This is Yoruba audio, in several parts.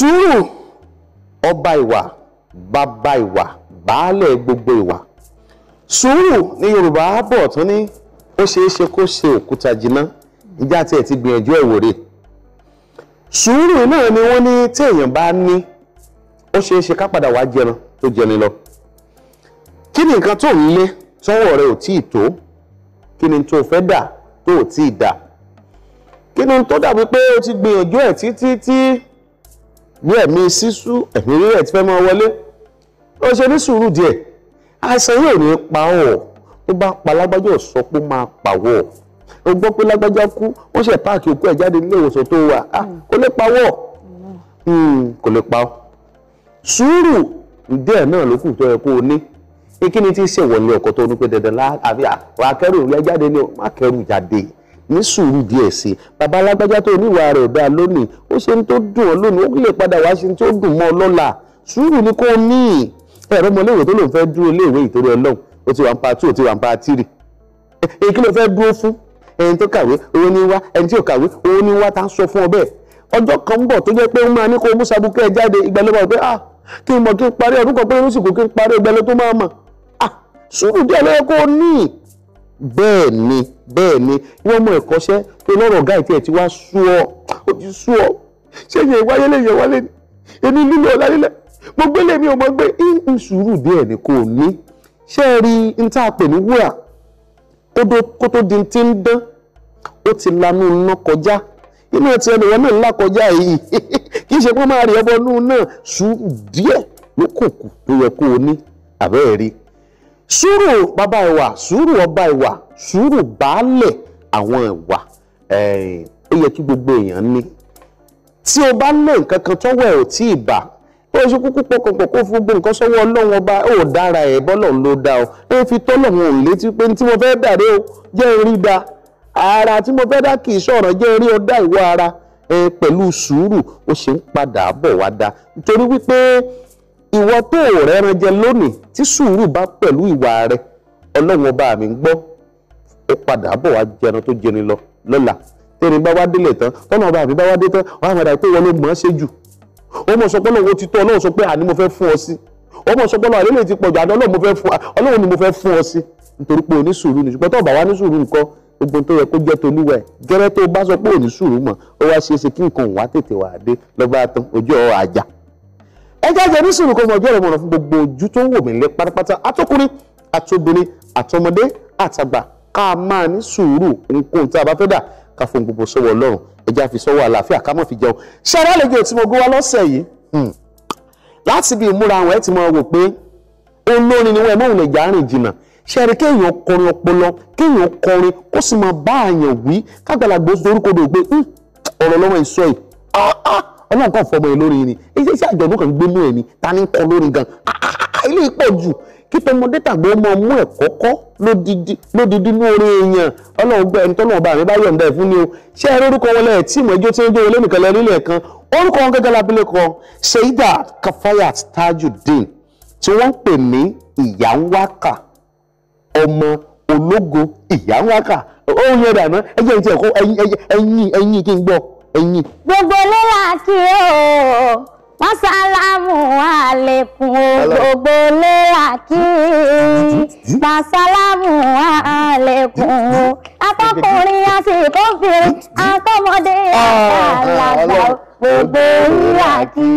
sùúrù ọba ìwà bàbá ìwà baálẹ̀ gbogbo ìwà sùúrù ní yorùbá bọ̀ tán ní ó ṣeé ṣe kó ṣe òkúta jìnnà ìjà tí ẹ ti gbìyànjú ẹ̀ wòrè sùúrù náà ni wọ́n ní téèyàn bá ní ó ṣeé ṣe ká padà wá jẹran tó jẹni lọ kí ni nǹkan tó ń lé tọ́wọ́ rẹ ò tí ì tó kí ni tó fẹ́ dà tó ò tí ì dà kí ni tó dàbí pé o ti gbìyànjú ẹ̀ títí tí. tí, tí bí ẹ̀mí sísú ẹ̀mí rírẹ̀ ti fẹ́ máa wọlé ó ṣe ní sùúrù díẹ̀ àìsàn yóò ní pa ọ́ ó bá pa lágbájọ́ sọ pé máa pàwọ́ ó gbọ́ pé lágbájá kú wọ́n ṣe páàkì òkú ẹ̀ jáde nílé ìwòsàn tó wà á ah, kò lè pawọ́ hmm, kò lè pa ọ́ sùúrù díẹ̀ náà ló kù tó yẹ kó o ní ìkíni tí ń ṣèwọ̀n ní ọkọ̀ tó ní pé dandan àfi àkẹ́rù rẹ jáde ní o má kẹ́rù jáde ní sùúrù díẹ̀ sí bàbá alágbájá tó oníwà rẹ̀ dáa lónìí ó ṣe ní tó dùn ọ́ lónìí ó lè padà wá ṣe ní tó dùn mọ́ ọ lọ́la sùúrù ni kò ní ẹ̀rọ ọmọléèwé tó lòun fẹ́ dúró léèwé ìtorí ọlọ́run ó ti wà ń pa two ó ti wà ń pa three èyí kí ló fẹ́ dúró fún ẹni tó kàwé owó ní wá ẹni tí ò kàwé owó ní wá tá a sọ fún ọ bẹ́ẹ̀ ọjọ́ kan ń bọ̀ tó jẹ́ pé ó máa ní kó mú sabuké ah kí n mọ̀ kí bẹ́ẹ̀ ni bẹ́ẹ̀ ni ìwọ ọmọ ẹ̀kọ́ṣẹ́ tó lọ́rọ̀ ọ̀gá ìtí ẹ̀ ti wá sú ọ ó ti sú ọ ṣé yẹn wáyé lè yẹn wálé ni èmi nílò ọ̀la nílẹ̀ mo gbé lèmi ò mọ gbé ń sùúrù díẹ̀ ni kò ní ṣé ẹ rí n tá a pè ní wúrà kó tó di ti ń dán ó ti lanú iná kọjá inú ti ẹnìwọ́n náà ńlá kọjá yìí kì í ṣe pé máa rí ọbọ̀ nù náà sùúrù díẹ̀ ló kò kù tó yẹ kó o ní àbẹ́ẹ̀rí sùúrù bàbá ìwà sùúrù ọba ìwà sùúrù baálẹ̀ àwọn ìwà ó yẹ kí gbogbo èèyàn ní tí o bá lé nǹkan kan tọ́wọ́ ẹ̀ ò tí ì bà ó ṣe kúkú pọkànpọ̀ kó fún gbogbo nǹkan sọ́wọ́ ọlọ́run ọba ó dára ẹ̀ bọ́lọ̀ ló dá o ó fi tọ́lọ̀hún ò létí pé tí mo fẹ́ dàrẹ́ o jẹ́ orí da ara tí mo fẹ́ dá kì í sọ̀rọ̀ jẹ́ orí ọdá ìwọ ara pẹ̀lú sùúrù ó ṣe ń padà bọ̀ wá da nítorí wípé ìwọ tó rẹran jẹ lónìí tí sùúrù bá pẹ̀lú ìwà rẹ ọlọ́run ọba mi ń gbọ́ ó padà bọ̀ wá jẹran tó jẹni lọ lọ́la tẹ́rin bá wá délẹ̀ tán tọ́nà ọba mi bá wá dé tán wọ́n á mọ̀dà pé wọ́n ló mọ̀ ọ́n ṣe jù ó mọ̀ sọ pé ọlọ́run ti tọ́ ọlọ́run sọ pé àní mo fẹ́ fún ọ sí ó mọ̀ sọ pé ọlọ́run àlélẹ́ ti pọ̀jù àná ọlọ́run ni mo fẹ́ fún ọ sí nítorí pé oní sùúrù ni ṣùgbọ́n tó bá wá ní sùúrù nǹkan gbogbo tó yẹ kó jẹ́ tolúwa ẹ̀ gẹ́rẹ́ tó bá sọ pé oní sùúrù mọ̀ ó wá ṣeéṣe kí nǹkan wá tètè wá dé lọ́ba tán ojú ọ̀ àjà ẹjẹ́ ajẹ́ ní sùúrù kó fún ọjọ́ ìrọ̀mọ̀ràn fún gbogbo ojú tó ń wò mí lé pátápátá àtọkùnrin àtobìnrin àtọmọdé àtàgbà ká máa ní sùúrù nǹkan tá a bá fẹ́ dà ká fún gbogbo sọ́wọ́ ọlọ́run ẹjẹ́ àfi sọ́wọ́ àlàáfíà ká mọ̀ fi jẹun ṣáárá lè jẹ́ tí mo gbé wá lọ́sẹ̀ yìí hmm. láti bí ìmúra àwọn ẹ̀ ti mọ wò pé olórin ni wọ́n ẹ̀ mọ̀ wùlẹ̀ jà rìn jìnnà ṣẹ́ni kéèyàn kọrin ọpọlọ kéèyàn kọrin kó sì máa bá àyàn wí kágbàlagbò dorúkọ dò pé hmm, ọ̀rọ̀ lọ́wọ́ ìsọ yìí ah, ah ọlọ́run kan fọmọ ẹ lórí ni iṣẹ́ iṣẹ́ àjọ̀dún kan gbé mú ẹ ni ta ni kọ lórí gan ah, ah, ah, ilé pọ̀ jù kí tọmọdé tàgbà ó máa mú ẹ̀kọ́ kọ́ lódìdí ní orí èèyàn ọlọ́run gbọ́ ẹni tọ́lọ́run bá mi bá yọ̀ǹda ẹ̀ fún ni o ṣé ẹ lórúkọ wọn lẹ́yìn tí ìmọ̀ ẹjọ́ tí ń jó wọlé nìkan lẹ́nu ilẹ̀ kan orúkọ wọn gẹ́gẹ́ lábílẹ̀ kọ Saida Kafayat Tajudeen tí wọ́n ń pè ní ìyá ń wákà ọmọ ológo ìyá ń wákà ó yẹ dànù ẹjẹ ìtì ẹ̀kọ́ ẹyin ẹyin kí n gbọ́ ẹ̀yìn. gbogbo ló là kí o wọ́n sálámù àlékún o gbogbo ló là kí wọ́n sálámù àlékún o akọkùnrin àsìkò fèrè akọmọdé ah, àgbàlagbà gbogbo ló là kí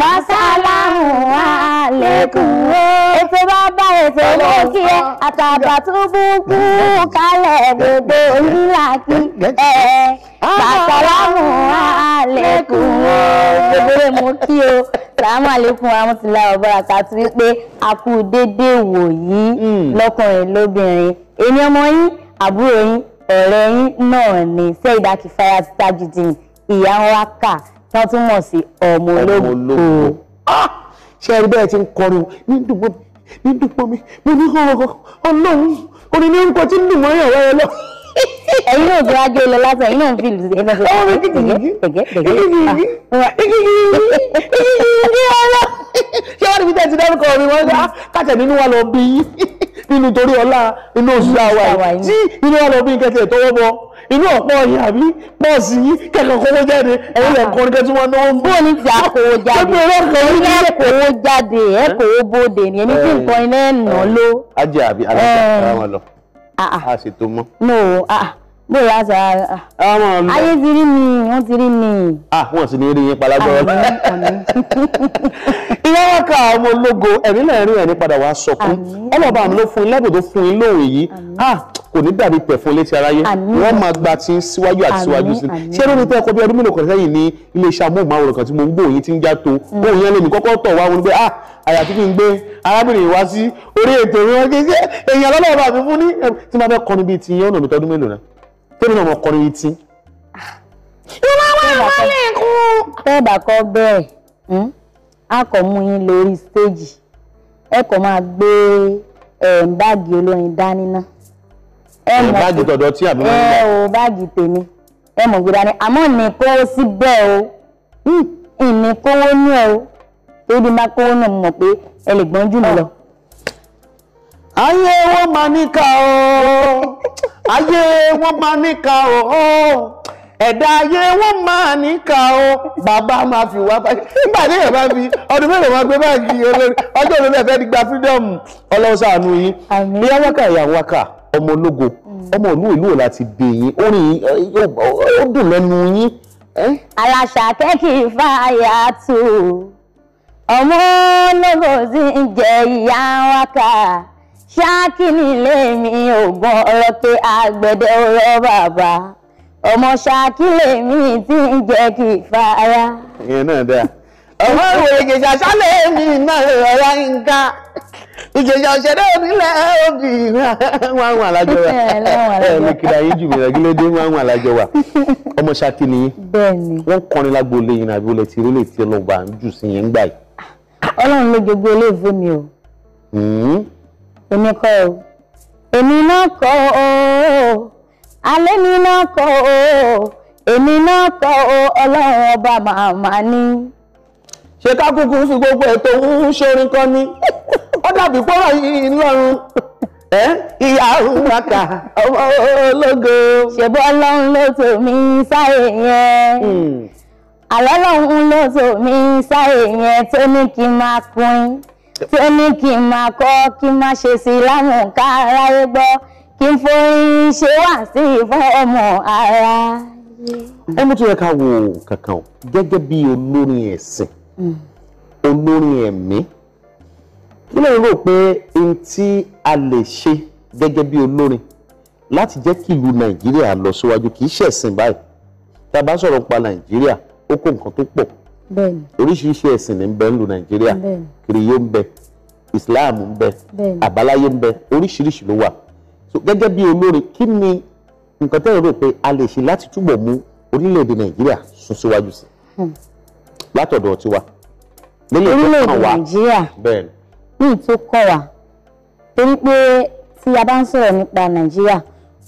wọ́n sálámù àlékún o ètò bàbá ètò lókè àtàbàtúbù kú kálẹ̀ gbogbo ló là kí ẹ. Sàkàlámù àlékún o. Gbogbo mo kí o. Sàmú àlékún Arámọ́tìlá ọ̀bọ̀ra kàtú wípé a kú dédé wò yìí hmm. lọ́kùnrin lóbìnrin. Èmi ọmọ yín, àbúrò yín, ọ̀rẹ́ yín náà ni Sẹ́yìdá Kifayat Tajudeen ìyá ńlá kà tí wọ́n tún mọ̀ sí ọmọ ológo. Ah! Ṣé ẹni bẹ́ẹ̀ ti ń kọrin ní dùgbò mi ní dùgbò mi mo ní ọlọ́run orin ní orúkọ tí ń dùn mọ́ ẹ̀rọ ẹ lọ ẹ̀yin náà tó wájú lọ lásán ẹ̀yin náà ń fìlù sí ẹ̀yin náà tó tẹ̀gẹ́ tẹ̀gẹ́ ṣé wọ́n níbi tẹ̀sí dárúkọ mi wọ́n ṣá kàtẹ́ nínú wa lọ bí nínú torí ọlá inú oṣù àwa yìí tí inú wa lọ bí kẹsẹ̀ tó wọ́ bọ́ inú ọ̀pọ̀ yìí àbí pọ́ọ̀sì yìí kẹ̀kọ́ kówó jáde ẹ̀yin lẹ̀ ah. kọrin kẹ́tí wọn náà ń bọ́ ní ìjà kówó jáde ẹ̀ kówó jáde ẹ̀ kówó bóde ni ẹni tí nǹkan iná ẹ̀ nà ló. ajé àbí alága ara wọn lọ. Ah, ah. a sì tó mọ́. no ah, bóyá sà ayé ti rí mi wọ́n ti rí mi. wọ́n sì ní rí yín palágbọ́rọ́. ìyá wa ká ọmọ ológo ẹ̀rín náà rí ẹ̀rín padà wá sọkún ọlọ́ba àmì ló fún yín lẹ́bùn tó fún yín lóhùn yìí kò ní dàbí pẹ̀fún létí aráyé wọ́n máa gba ti síwájú àti síwájú sí i ṣé lórí tẹ́ ẹ̀kọ́ bí ọdún mélòó kan sẹ́yìn ní iléeṣẹ́ amóhùnmáwòrán kan tí mo ń gbọ́ òyìn tí ń já to mm. òun yẹn lèmi kọ́kọ́ tọ̀ wá wọn pé ah àyàfi kí n gbé arábìnrin wá sí orí ètò ìrìn kékeré èèyàn lọ́lọ́wọ́ bá mi fún ní tí máa fẹ́ kọrin bíi ti yẹn ọ̀nà mi tọdún mélòó náà tẹ́mi náà mọ̀ kọrin bíi ti. ìwà wà lálẹ́ kú. tẹ́ ẹ mọ̀ báàgì tọ̀dọ̀ tí àbí wọ́n ń bá ẹ o báàgì tèmi ẹ mọ̀ gbéra ni àmọ́ ní kówó síbẹ̀ o hmm, ìní kówó ní ẹ o torí bí má kówó náà mọ̀ pé ẹ lè gbọ́n jù mí lọ. ayé wọn máa níkà o ayé wọn máa níkà o ẹ̀dá ayé wọn máa níkà o bàbá máa fi wá báyìí nígbà tí èèyàn bá fi ọdún mélòó máa gbé báyìí olórí ọjọ́ olórí ẹ̀fẹ́ ti gba freedom ọlọ́wọ́sàánú yìí ìyá wákà ìyá wákà ọmọ ológo mm. ọmọ ìlú ìlú ò láti bè yín orin ó dùn lẹ́nu yín. Àlàṣàkẹ́ kì í fàyà tù ọmọ ológo sì ń jẹ ìyá wa ká ṣáàkì nílé mi ògbọ́n ọ̀rọ̀ pé àgbẹ̀dẹ ọ̀rọ̀ bàbá ọmọ ṣáàkì lèmi tí ń jẹ kì í fara. ìyẹn náà dáa ọmọ ìwé ìgbésà sálẹ̀ mi náà lọ́ra ń ká ìjẹjà ọ̀ṣẹ̀dá onílẹ̀ òbí wọn àwọn alájọ wa ẹ̀ẹ́nì kìlá yín jù mí rẹ̀ wọn àwọn alájọ wa ọmọ ṣáàkì nìyí wọn kọrin lágbo olè yìí olè tí olè tí ọlọ́ba ń jù sí yẹn ń gbà yìí. ọlọ́run ló gbogbo eléèfó mi o hmm? èmi kọ́ o èmi náà kọ́ o alẹ́ mi náà kọ́ o èmi náà kọ́ o ọlọ́run ọba màmá ni. ṣé ká kúkú sí gbogbo ètò ń ṣorin kan ni. ó dàbí pọ́nrọ́ yìí lọ́rùn ìyá òǹgbàkà ọmọ ológo. ṣèbọ ọlọ́run ló tò mí sáyé yẹn hmm. àlọ́ ọlọ́run ló tò mí sáyé yẹn tó ní kí n máa pin tó ní kí n máa kọ́ kí n máa ṣe sí láwọn ká aráyé gbọ́ kí n forin ṣe wà sí ìfún ọmọ ara. ẹ mú tó yẹ ká wo kankan gẹ́gẹ́ bí olórin ẹ̀sìn hmm. olórin ẹ̀mí. kí lẹ́yìn rò pé ohun tí a lè ṣe gẹ́gẹ́ bí olórin láti jẹ́ kí ìlú nàìjíríà lọ síwájú kì í ṣẹ̀sìn báyìí tá a bá sọ̀rọ̀ nípa nàìjíríà ó kó nǹkan tó pọ̀ oríṣiríṣi ẹ̀sìn ní ń bẹ nílùú nàìjíríà kìrìyó ń bẹ islam ń bẹ àbáláyé ń bẹ oríṣiríṣi ló wà so gẹ́gẹ́ bí olórin kí ni nǹkan tẹ́ ẹ pé a lè ṣe láti túbọ̀ mú orílẹ̀-èdè nàìjíríà sún síwájú sí hmm. látọ̀dọ̀ bẹ́ẹ̀ ni. yìí tó kàn wá torí pé tí a bá ń sọ̀rọ̀ nípa nàìjíríà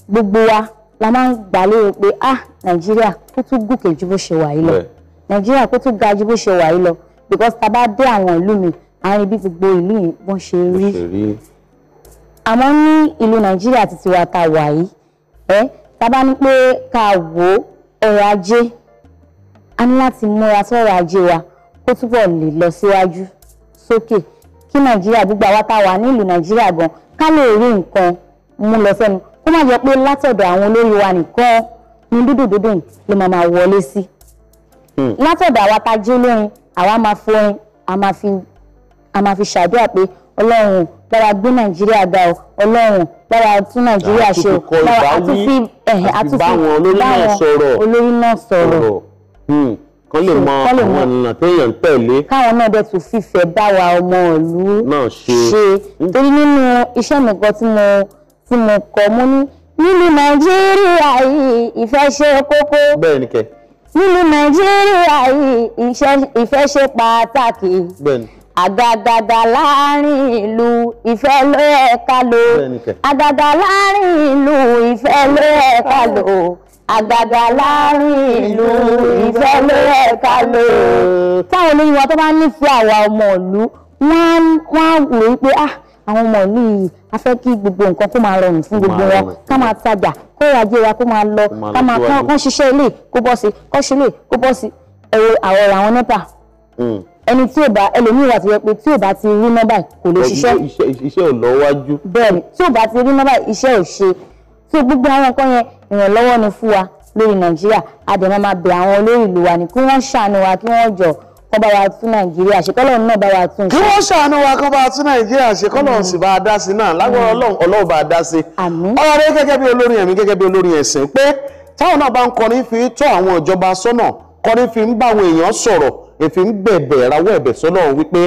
gbogbo wa la máa ń gbà lérò pé ah nàìjíríà kó tún gòkè ju bó ṣe wà yìí lọ nàìjíríà kó tún ga ju bó ṣe wà yìí lọ because tá a bá dé àwọn ìlú mi àárín bí gbogbo ìlú yìí wọ́n ṣe rí àmọ́ ní ìlú nàìjíríà ti tiwa ta wà yìí ẹ tá bá ní pé ká wò ó ọrọ̀ ajé a ní láti múra sọ́rọ̀ ajé wa kó túbọ̀ lè lọ síwájú sókè. So kí nàìjíríà gbogbo àwa tá a wà nílùú nàìjíríà gan ká lè rí nǹkan mú lọ sẹ́nu kó má jẹ́ pé látọ̀dọ̀ àwọn olórí wa nìkan ni dúdú dúdú ló máa máa wọlé sí. Hmm. látọ̀dọ̀ àwa tá a jẹ́ olórin àwa máa forin a máa fi ṣàdúrà pé ọlọ́run lára gbé nàìjíríà ga ọ ọlọ́run lára tún nàìjíríà ṣe ọ lára àtúnfi àtúnfi báwọn olórí náà sọ̀rọ̀. Hmm kán lè mọ àwọn ọ̀nà téèyàn ń tẹ̀lé. káwọn náà dẹ̀ tún fífẹ́ báwa ọmọ ìlú ṣe mm. torí nínú iṣẹ́ mi kan tí mo tí mo kọ mo ní nínú nàìjíríà yìí ìfẹ́ ṣe kókó. nínú nàìjíríà yìí ìfẹ́ ṣe pàtàkì. àgàgàgà láàrin ìlú ìfẹ́ ló ẹ̀ka lò àgàgà láàrin ìlú ìfẹ́ ló ẹ̀ka lò àgbàgbà láàrin ìlú ìfẹ́ ló ẹ̀ka lò. táwọn olóyè wa tó bá nífẹ̀ẹ́ àwa ọmọ wọ́n á rò wípé ah àwọn ọmọ yìí a fẹ́ kí gbogbo nǹkan kó máa rọrùn fún gbogbo wọn ká máa tajà kó ìrajé wa kó máa lọ ká máa kán ṣiṣẹ́ ilé kó bọ́ sí kán ṣe ilé kó bọ́ sí ẹ̀rọ àwọn ọ̀rọ̀ àwọn nẹ́pà hmm. ẹni tí ò bá ẹlòmíì wà tó yẹ pé tí ò bá ti rí nọ́mbà kò lè ṣiṣẹ́ so gbogbo àwọn nǹkan yẹn ìrànlọ́wọ́ ni fún wa lórí nàìjíríà a dẹ̀ máa máa bẹ àwọn olórí ìlú wa ni kí wọ́n ṣàánú wa kí wọ́n jọ kọ́ bá wa tún nàìjíríà ṣe kọ́lọ́ náà bá wa tún ṣe. kí wọ́n ṣàánú wa kọ́ bá wa tún nàìjíríà ṣe kọ́lọ́ sì bá a dá sí náà lágbára ọlọ́run ọlọ́run bá a dá sí. ọ̀rọ̀ rẹ gẹ́gẹ́ bí olórin ẹ̀mí gẹ́gẹ́ bí olórin ẹ̀sìn pé táwọn náà bá ń kọrin fi tọ́ àwọn ìjọba sọ́nà kọrin fi ń bá àwọn èèyàn sọ̀rọ̀ èfi ń bẹ̀bẹ̀ rawọ́ ẹ̀bẹ̀ sọ́nà wípé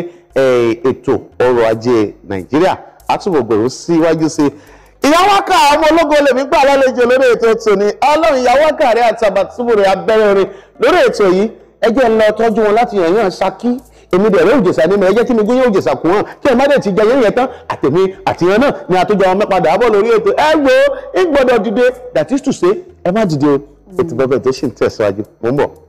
ètò ọrọ̀ ajé nàìjíríà á túbọ̀ gbèrú síwájú sí i ìyáwákà ọmọ ológo lèmi gbà lálejò lórí ètò tòní ọlọ́run ìyáwákà rẹ àtàbàtúbù rẹ abẹ́rẹ́ rẹ lórí ètò yìí ẹ jẹ́ lọ tọ́jú wọn láti yàn yàn ṣákí èmi dẹ̀rẹ́ òjèṣà ni mẹ́ẹ̀ẹ́ jẹ́ kí mi gún yóò jèṣà kù hàn kí ẹ má dẹ̀ ti jẹ yẹn yẹn tán àtẹ̀mí àtìyàn náà ni àtúnjọ àwọn mẹ́padà àbọ̀ lórí ètò ẹ wo ìgbọ́dọ̀ dìde that is to say ẹ má dìde ètò bẹ́ẹ̀ bẹ́ẹ̀ tó ṣì ń ń bọ̀.